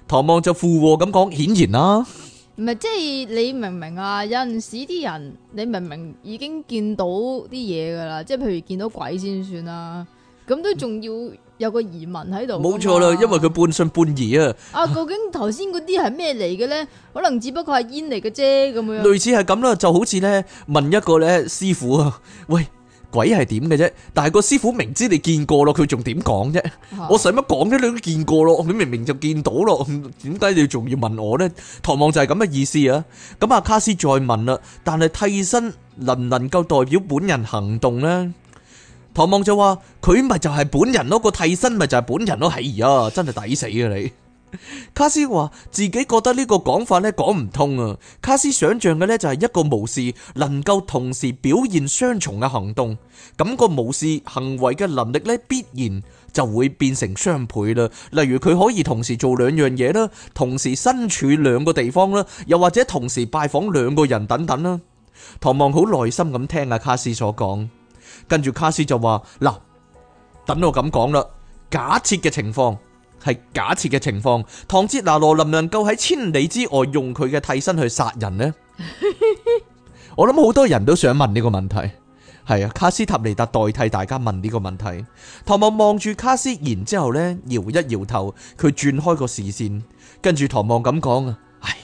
唐望就附和咁講，顯然啦、啊。唔係，即係你明唔明啊，有陣時啲人，你明明已經見到啲嘢噶啦，即係譬如見到鬼先算啦，咁都仲要有個疑問喺度。冇錯啦，因為佢半信半疑啊。啊，究竟頭先嗰啲係咩嚟嘅咧？ 可能只不過係煙嚟嘅啫，咁樣。類似係咁啦，就好似咧問一個咧師傅啊，喂。鬼係點嘅啫，但係個師傅明知你見過咯，佢仲點講啫？我使乜講啫？你都見過咯，你明明就見到咯，點解你仲要問我呢？唐望就係咁嘅意思啊！咁阿卡斯再問啦，但係替身能唔能夠代表本人行動呢？唐望就話佢咪就係本人咯，個替身咪就係本人咯，係啊，真係抵死啊你！卡斯話自己覺得呢個講法咧講唔通啊！卡斯想象嘅呢就係一個巫師能夠同時表現雙重嘅行動，咁個巫師行為嘅能力咧必然就會變成雙倍啦。例如佢可以同時做兩樣嘢啦，同時身處兩個地方啦，又或者同時拜訪兩個人等等啦。唐望好耐心咁聽阿、啊、卡斯所講，跟住卡斯就話嗱，等我咁講啦，假設嘅情況。係假設嘅情況，唐哲拿羅能唔能夠喺千里之外用佢嘅替身去殺人呢？ 我諗好多人都想問呢個問題。係啊，卡斯塔尼達代替大家問呢個問題。唐望望住卡斯，然之後呢搖一搖頭，佢轉開個視線，跟住唐望咁講啊：唉，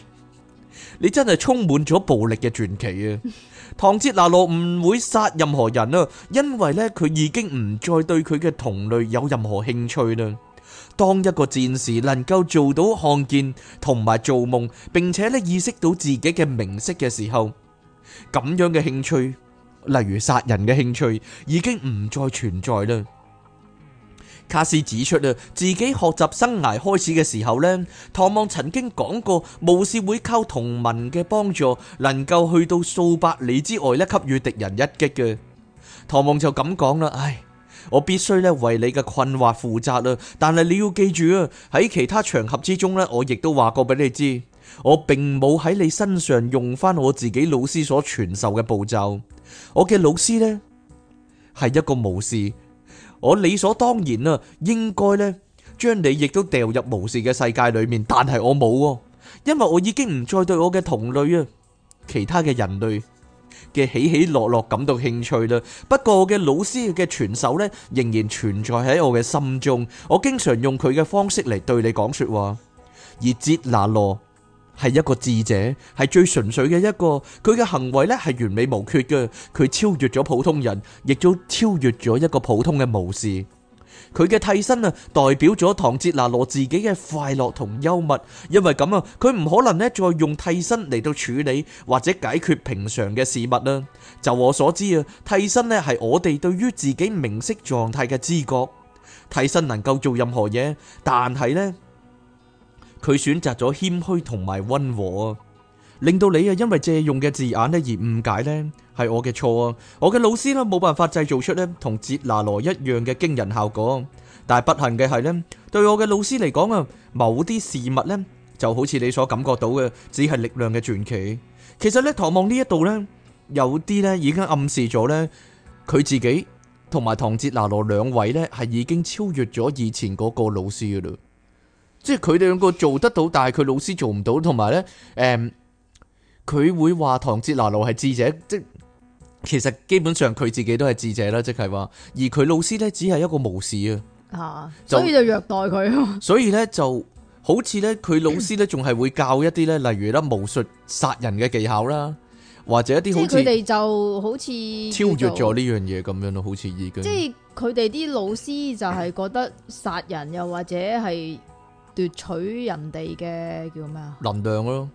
你真係充滿咗暴力嘅傳奇啊！唐哲拿羅唔會殺任何人啊，因為呢，佢已經唔再對佢嘅同類有任何興趣啦。當一個戰士能夠做到看見同埋做夢，並且咧意識到自己嘅名色嘅時候，咁樣嘅興趣，例如殺人嘅興趣，已經唔再存在啦。卡斯指出啊，自己學習生涯開始嘅時候咧，唐望曾經講過，巫師會靠同盟嘅幫助，能夠去到數百里之外咧，給予敵人一擊嘅。唐望就咁講啦，唉。我必須咧為你嘅困惑負責啊！但係你要記住啊，喺其他場合之中咧，我亦都話過俾你知，我並冇喺你身上用翻我自己老師所傳授嘅步驟。我嘅老師呢，係一個巫師，我理所當然啊，應該咧將你亦都掉入巫師嘅世界裏面，但係我冇，因為我已經唔再對我嘅同類啊，其他嘅人類嘅起起落落感到興趣啦，不過我嘅老師嘅傳授咧仍然存在喺我嘅心中，我經常用佢嘅方式嚟對你講說話。而哲那羅係一個智者，係最純粹嘅一個，佢嘅行為咧係完美無缺嘅，佢超越咗普通人，亦都超越咗一個普通嘅武士。佢嘅替身啊，代表咗唐哲娜羅自己嘅快樂同幽默，因為咁啊，佢唔可能咧再用替身嚟到處理或者解決平常嘅事物啦。就我所知啊，替身咧係我哋對於自己明晰狀態嘅知覺，替身能夠做任何嘢，但係呢，佢選擇咗謙虛同埋温和啊。令到你啊，因為借用嘅字眼咧而誤解咧，係我嘅錯啊！我嘅老師咧冇辦法製造出咧同哲拿羅一樣嘅驚人效果。但係不幸嘅係咧，對我嘅老師嚟講啊，某啲事物咧就好似你所感覺到嘅，只係力量嘅傳奇。其實咧，唐望呢一度咧，有啲咧已經暗示咗咧，佢自己同埋唐哲拿羅兩位咧係已經超越咗以前嗰個老師噶啦。即係佢哋兩個做得到，但係佢老師做唔到，同埋咧，誒。佢會話唐哲拿路係智者，即其實基本上佢自己都係智者啦，即係話，而佢老師咧只係一個無視啊，就所以就虐待佢。所以咧就好似咧，佢老師咧仲係會教一啲咧， 例如啦，巫術殺人嘅技巧啦，或者一啲好似佢哋就好似超越咗呢樣嘢咁樣咯，好似已經即係佢哋啲老師就係覺得殺人又或者係奪取人哋嘅叫咩啊能量咯。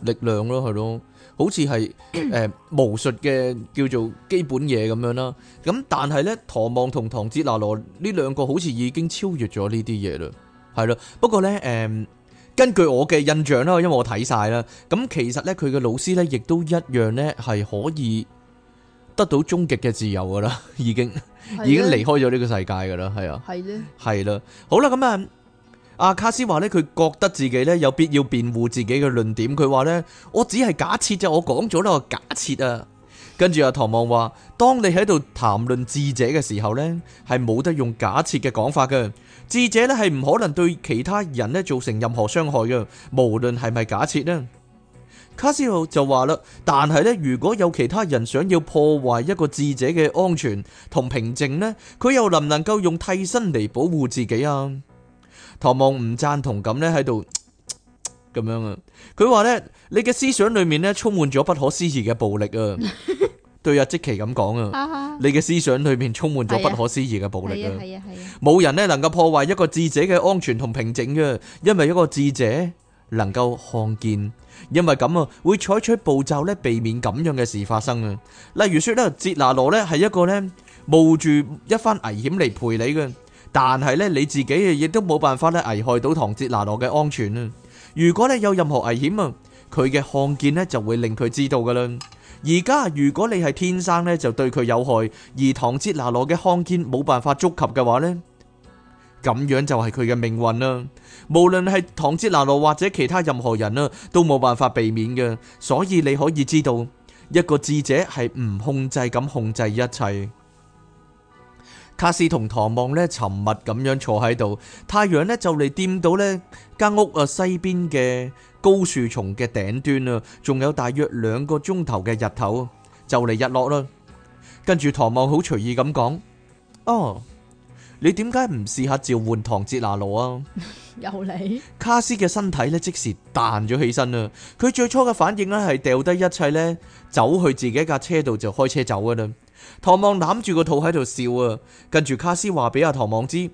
力量咯，係咯，好似係誒，巫術嘅叫做基本嘢咁樣啦。咁但係咧，唐望同唐哲納羅呢兩個好似已經超越咗呢啲嘢啦，係咯。不過咧，誒、嗯，根據我嘅印象啦，因為我睇晒啦，咁其實咧，佢嘅老師咧，亦都一樣咧，係可以得到終極嘅自由噶啦，已經的 已經離開咗呢個世界噶啦，係啊，係啦的，係啦的，好啦，咁、嗯、啊。阿、啊、卡斯話咧，佢覺得自己咧有必要辯護自己嘅論點。佢話咧，我只係假設就我講咗啦，假設啊。跟住阿、啊、唐望話，當你喺度談論智者嘅時候咧，係冇得用假設嘅講法嘅。智者咧係唔可能對其他人咧造成任何傷害嘅，無論係咪假設咧。卡斯就話啦，但係咧，如果有其他人想要破壞一個智者嘅安全同平靜呢，佢又能唔能夠用替身嚟保護自己啊？唐望唔贊同咁呢，喺度咁樣啊，佢話呢，你嘅思想裏面呢，充滿咗不可思議嘅暴力啊，對阿即奇咁講啊，你嘅思想裏面充滿咗不可思議嘅暴力啊，冇人呢能夠破壞一個智者嘅安全同平靜嘅，因為一個智者能夠看見，因為咁啊會採取步驟呢，避免咁樣嘅事發生啊，例如說呢，哲拿羅呢係一個呢，冒住一番危險嚟陪你嘅。但係咧，你自己亦都冇辦法咧危害到唐哲拿羅嘅安全啊！如果你有任何危險啊，佢嘅看見咧就會令佢知道噶啦。而家如果你係天生咧就對佢有害，而唐哲拿羅嘅看見冇辦法觸及嘅話呢，咁樣就係佢嘅命運啦。無論係唐哲拿羅或者其他任何人啦，都冇辦法避免嘅。所以你可以知道，一個智者係唔控制咁控制一切。卡斯同唐望呢，沉默咁樣坐喺度，太陽呢，就嚟掂到呢間屋啊西邊嘅高樹叢嘅頂端啊，仲有大約兩個鐘頭嘅日頭就嚟日落啦。跟住唐望好隨意咁講：哦，你點解唔試下召喚唐哲拿羅啊？ 又嚟來卡斯嘅身體呢，即時彈咗起身啊。佢最初嘅反應呢，係掉低一切呢，走去自己架車度就開車走噶啦。唐望攬住個肚喺度笑啊，跟住卡斯話俾阿唐望知，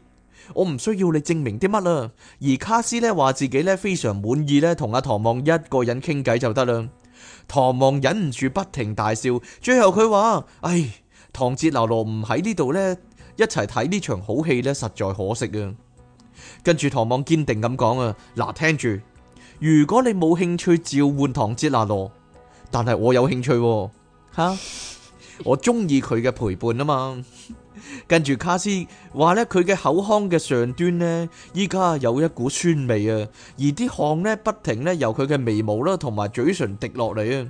我唔需要你證明啲乜啦。而卡斯呢，話自己呢非常滿意呢，同阿唐望一個人傾偈就得啦。唐望忍唔住不停大笑，最後佢話：唉，唐哲拿羅唔喺呢度呢，一齊睇呢場好戲呢，實在可惜啊。跟住唐望堅定咁講啊，嗱，聽住，如果你冇興趣召喚唐哲拿羅，但係我有興趣吓。我中意佢嘅陪伴啊嘛，跟 住卡斯話咧，佢嘅口腔嘅上端呢，依家有一股酸味啊，而啲汗呢，不停呢由佢嘅眉毛啦同埋嘴唇滴落嚟啊。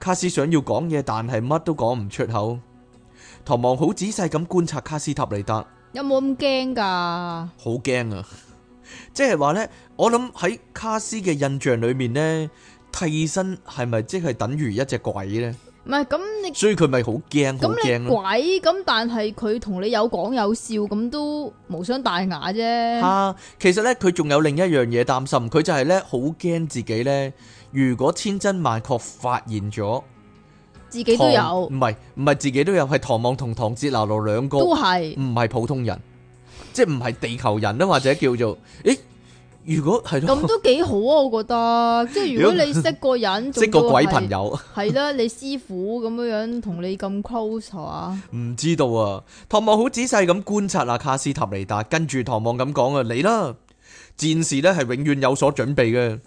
卡斯想要講嘢，但係乜都講唔出口。唐望好仔細咁觀察卡斯塔尼達，有冇咁驚噶？好驚啊！即係話呢，我諗喺卡斯嘅印象裏面呢，替身係咪即係等於一隻鬼呢？唔係咁，你，所以佢咪好驚，好驚鬼咁，但係佢同你有講有笑，咁都無傷大雅啫。吓，啊，其實咧，佢仲有另一樣嘢擔心，佢就係咧好驚自己咧，如果千真萬確發現咗，自己都有，唔係，唔係自己都有，係唐望同唐哲拿羅兩個都係，唔係普通人，是即係唔係地球人啦，或者叫做誒。如果係咁都幾好啊，我覺得即係如果你識個人， 識個鬼朋友係啦， 你師傅咁樣樣同你咁 close 啊？唔知道啊，唐望好仔細咁觀察啊，卡斯塔尼達跟住唐望咁講啊，你啦！戰士咧係永遠有所準備嘅，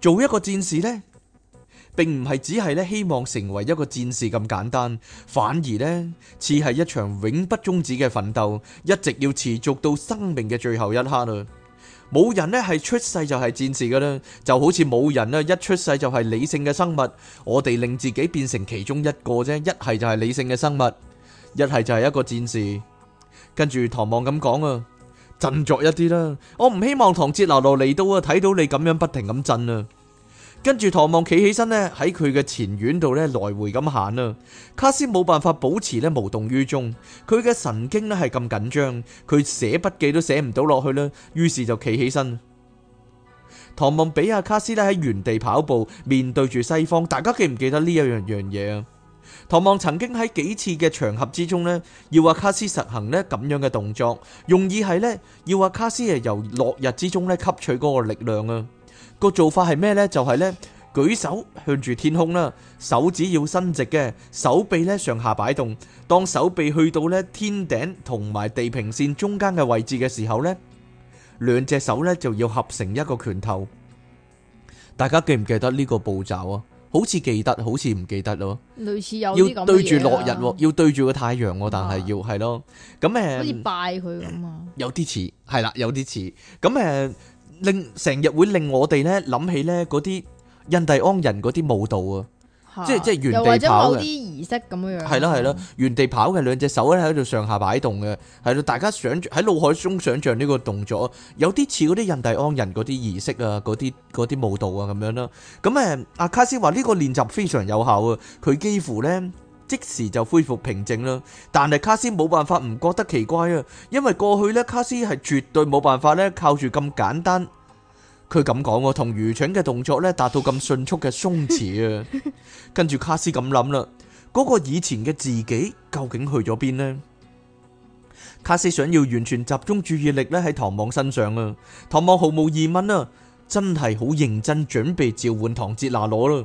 做一個戰士呢，並唔係只係咧希望成為一個戰士咁簡單，反而呢，似係一場永不終止嘅奮鬥，一直要持續到生命嘅最後一刻啊！冇人咧，係出世就係戰士噶啦，就好似冇人啦，一出世就係理性嘅生物，我哋令自己變成其中一個啫，一係就係理性嘅生物，一係就係一個戰士。跟住唐望咁講啊，振作一啲啦，我唔希望唐哲流落嚟，到啊睇到你咁樣不停咁震啊。跟住唐望企起身呢喺佢嘅前院度呢，來回咁行啦。卡斯冇辦法保持呢無動於衷，佢嘅神經呢係咁緊張，佢寫筆記都寫唔到落去啦。於是就企起身。唐望俾阿卡斯呢喺原地跑步，面對住西方。大家記唔記得呢一樣樣嘢啊？唐望曾經喺幾次嘅場合之中呢，要阿卡斯實行呢咁樣嘅動作，用意係呢，要阿卡斯係由落日之中咧吸取嗰個力量啊。個做法係咩呢？就係呢，舉手向住天空啦，手指要伸直嘅，手臂呢上下擺動。當手臂去到呢天頂同埋地平線中間嘅位置嘅時候呢，兩隻手呢就要合成一個拳頭。大家記唔記得呢個步驟啊？好似記得，好似唔記得咯。類似有啲咁嘅嘢。要對住落日，啊、要對住個太陽，但係要係、啊、咯。咁誒，好似拜佢咁啊。有啲似，係、嗯、啦，有啲似。咁誒。令成日會令我哋咧諗起咧嗰啲印第安人嗰啲舞蹈啊，即係即係原地跑嘅，又或者某啲儀式咁樣樣。係咯，係咯，原地跑嘅兩隻手咧喺度上下擺動嘅，係咯，大家想象喺腦海中想象呢個動作，有啲似嗰啲印第安人嗰啲儀式啊，嗰啲嗰啲舞蹈啊咁樣咯。咁、啊、誒，阿卡斯話呢個練習非常有效啊，佢幾乎咧。即時就恢復平靜啦，但係卡斯冇辦法唔覺得奇怪啊，因為過去咧卡斯係絕對冇辦法咧靠住咁簡單，佢咁講喎，同愚蠢嘅動作咧達到咁迅速嘅鬆弛啊，跟住卡斯咁諗啦，嗰個以前嘅自己究竟去咗邊呢？卡斯想要完全集中注意力咧喺唐望身上啊，唐望毫無疑問啊，真係好認真準備召喚唐哲拿羅啦。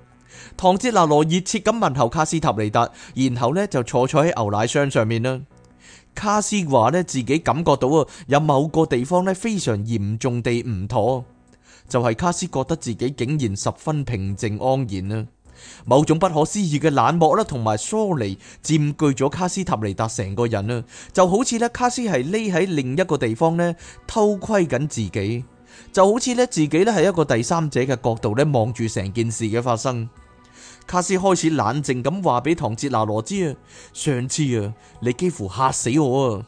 唐哲娜羅熱切咁問候卡斯塔尼達，然後呢就坐坐喺牛奶箱上面啦。卡斯話呢，自己感覺到啊，有某個地方呢非常嚴重地唔妥，就係卡斯覺得自己竟然十分平靜安然啦。某種不可思議嘅冷漠啦同埋疏離佔據咗卡斯塔尼達成個人啊，就好似呢，卡斯係匿喺另一個地方呢，偷窺緊自己。就好似咧，自己咧係一個第三者嘅角度咧，望住成件事嘅發生。卡斯開始冷靜咁話俾唐哲拿羅知啊，上次啊，你幾乎嚇死我啊！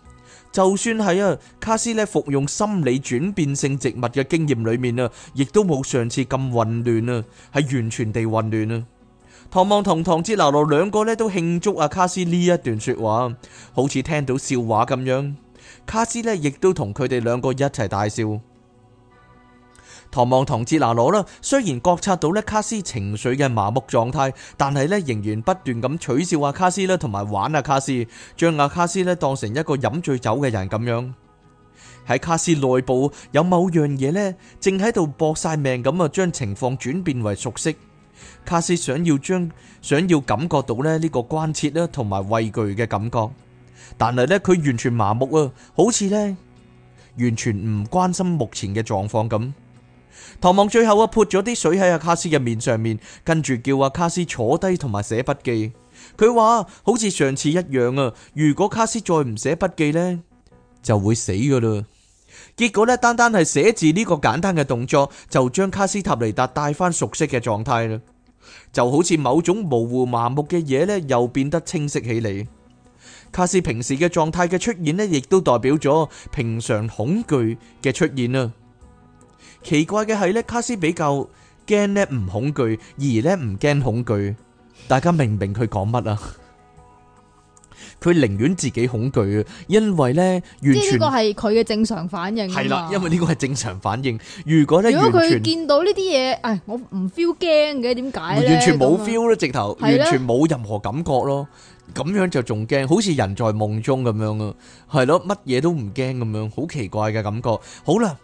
就算係啊，卡斯咧服用心理轉變性植物嘅經驗裏面啊，亦都冇上次咁混亂啊，係完全地混亂啊！唐望同唐哲拿羅兩個咧都慶祝阿卡斯呢一段說話，好似聽到笑話咁樣。卡斯呢亦都同佢哋兩個一齊大笑。唐望唐哲拿攞啦，雖然覺察到咧卡斯情緒嘅麻木狀態，但係咧仍然不斷咁取笑阿卡斯啦，同埋玩阿卡斯，將阿卡斯咧當成一個飲醉酒嘅人咁樣。喺卡斯內部有某樣嘢咧，正喺度搏晒命咁啊，將情況轉變為熟悉。卡斯想要將想要感覺到咧呢個關切啦，同埋畏懼嘅感覺，但係咧佢完全麻木啊，好似咧完全唔關心目前嘅狀況咁。唐望最後啊，潑咗啲水喺阿卡斯嘅面上面，跟住叫阿卡斯坐低同埋寫筆記。佢話好似上次一樣啊，如果卡斯再唔寫筆記呢，就會死噶啦。結果呢，單單係寫字呢個簡單嘅動作，就將卡斯塔尼達帶翻熟悉嘅狀態啦，就好似某種模糊麻木嘅嘢呢，又變得清晰起嚟。卡斯平時嘅狀態嘅出現呢，亦都代表咗平常恐懼嘅出現啊。奇怪嘅係咧，卡斯比較驚咧，唔恐懼而咧唔驚恐懼。大家明唔明佢講乜啊？佢寧願自己恐懼啊，因為咧完全即係佢嘅正常反應。係啦，因為呢個係正常反應。如果咧如果佢完全見到呢啲嘢，誒，我唔 feel 驚嘅，點解咧？完全冇 feel 咧，直頭完全冇任何感覺咯。咁樣就仲驚，好似人在夢中咁樣啊。係咯，乜嘢都唔驚咁樣，好奇怪嘅感覺。好啦。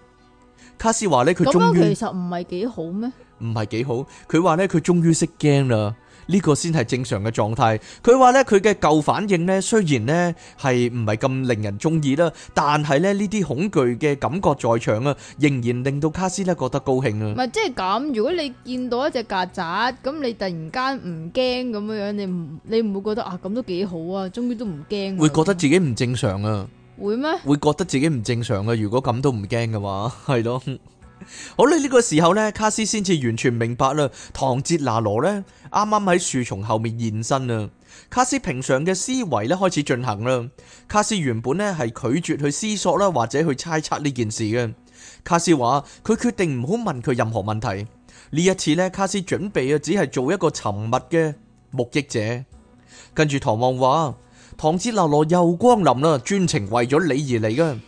卡斯話咧，佢終於咁樣其實唔係幾好咩？唔係幾好，佢話咧佢終於識驚啦，呢個先係正常嘅狀態。佢話咧佢嘅舊反應咧，雖然咧係唔係咁令人中意啦，但係咧呢啲恐懼嘅感覺在場啊，仍然令到卡斯咧覺得高興啊。唔係即係咁，如果你見到一隻曱甴，咁你突然間唔驚咁樣樣，你唔你唔會覺得啊？咁都幾好啊，終於都唔驚啊！會覺得自己唔正常啊！會咩？會覺得自己唔正常嘅，如果咁都唔驚嘅話，係咯。 好啦，呢個時候呢，卡斯先至完全明白啦。唐哲拿羅呢，啱啱喺樹叢後面現身啦。卡斯平常嘅思維咧開始進行啦。卡斯原本呢，係拒絕去思索啦，或者去猜測呢件事嘅。卡斯話佢決定唔好問佢任何問題。呢一次呢，卡斯準備啊，只係做一個沉默嘅目擊者。跟住唐望話。唐哲娜羅又光臨啦，專程為咗你而嚟㗎。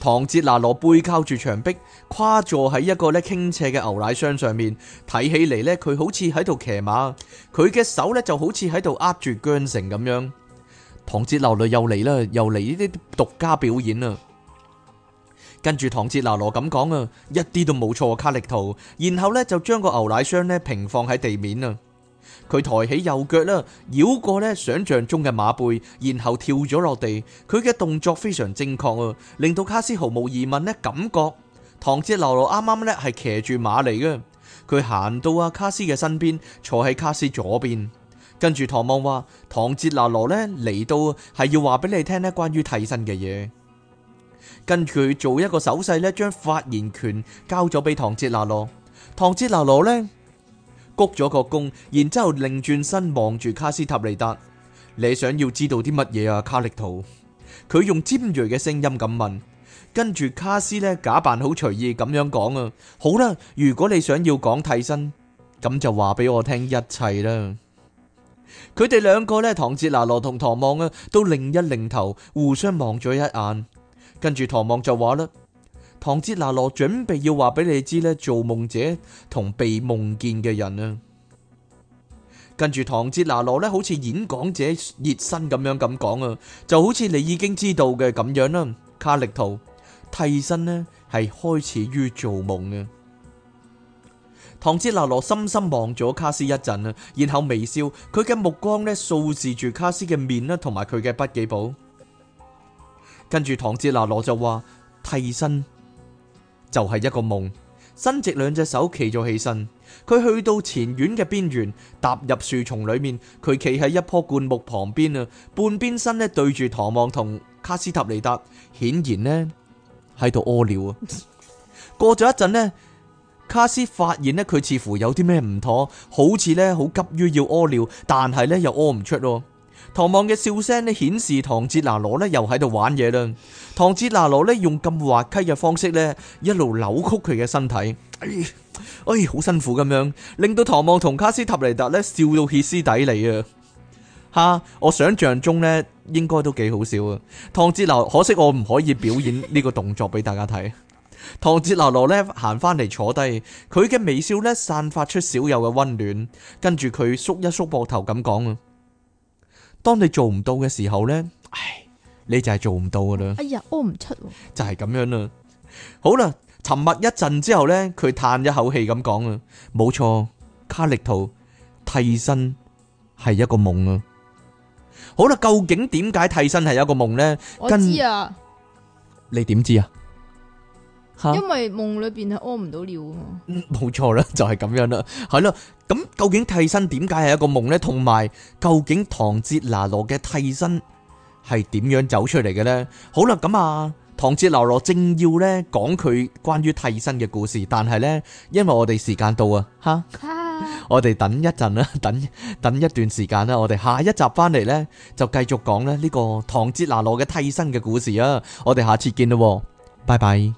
唐哲娜羅背靠住牆壁，跨坐喺一個咧傾斜嘅牛奶箱上面，睇起嚟咧，佢好似喺度騎馬，佢嘅手咧就好似喺度握住繮繩咁樣。唐哲娜羅又嚟啦，又嚟呢啲獨家表演啦。跟住唐哲娜羅咁講啊，一啲都冇錯，卡力圖。然後咧就將個牛奶箱咧平放喺地面啊。佢抬起右腳啦，繞過咧想象中嘅馬背，然後跳咗落地。佢嘅動作非常正確啊，令到卡斯毫無疑問呢感覺唐哲拿羅啱啱咧係騎住馬嚟嘅。佢行到阿卡斯嘅身邊，坐喺卡斯左邊。跟住唐望話：唐哲拿羅呢嚟到係要話俾你聽呢關於替身嘅嘢。跟住佢做一個手勢咧，將發言權交咗俾唐哲拿羅。唐哲拿羅呢，鞠咗個躬，然之後擰轉身望住卡斯塔尼達，你想要知道啲乜嘢啊？卡力圖，佢用尖銳嘅聲音咁問，跟住卡斯呢，假扮好隨意咁樣講啊，好啦，如果你想要講替身，咁就話俾我聽一切啦。佢哋兩個呢，唐哲拿羅同唐望啊，都擰一擰頭，互相望咗一眼，跟住唐望就話啦。唐哲拿羅準備要話俾你知咧，做夢者同被夢見嘅人啊。跟住唐哲拿羅咧，好似演講者熱身咁樣咁講啊，就好似你已經知道嘅咁樣啦。卡力圖替身呢，係開始於做夢啊。唐哲拿羅深深望咗卡斯一陣啊，然後微笑，佢嘅目光呢，掃視住卡斯嘅面啦，同埋佢嘅筆記簿。跟住唐哲拿羅就話替身。就係一個夢，伸直兩隻手企咗起身，佢去到前院嘅邊緣，踏入樹叢裏面，佢企喺一棵灌木旁邊啊，半邊身呢對住唐望同卡斯塔尼達，顯然呢，喺度屙尿啊！ 過咗一陣呢，卡斯發現呢，佢似乎有啲咩唔妥，好似呢好急於要屙尿，但係呢又屙唔出。唐望嘅笑聲咧顯示唐哲拿羅咧又喺度玩嘢啦。唐哲拿羅咧用咁滑稽嘅方式咧一路扭曲佢嘅身體，哎哎好辛苦咁樣，令到唐望同卡斯塔尼達咧笑到歇斯底里啊！吓，我想象中咧應該都幾好笑啊。唐哲娜，可惜我唔可以表演呢個動作俾大家睇。唐哲拿羅咧行翻嚟，坐低，佢嘅微笑咧散發出少有嘅溫暖，跟住佢縮一縮膊頭咁講啊。當你做唔到嘅時候呢，唉，你就係做唔到噶啦。哎呀，屙唔出，就係咁樣啦。好啦，沉默一陣之後呢，佢嘆咗口氣咁講啊，冇錯，卡力圖替身係一個夢啊。好啦，究竟點解替身係一個夢呢？我知啊，跟住，你點知啊？哈因為夢裏邊係屙唔到尿冇、嗯、錯啦，就係、是、咁樣啦，係咯，咁究竟替身點解係一個夢呢？同埋究竟唐哲拿羅嘅替身係點樣走出嚟嘅呢？好啦，咁、嗯、啊，唐哲拿羅正要呢講佢關於替身嘅故事，但係呢，因為我哋時間到啊，吓， 我哋等一陣啦，等等一段時間啦，我哋下一集翻嚟呢，就繼續講呢呢個唐哲拿羅嘅替身嘅故事啊，我哋下次見啦，拜拜。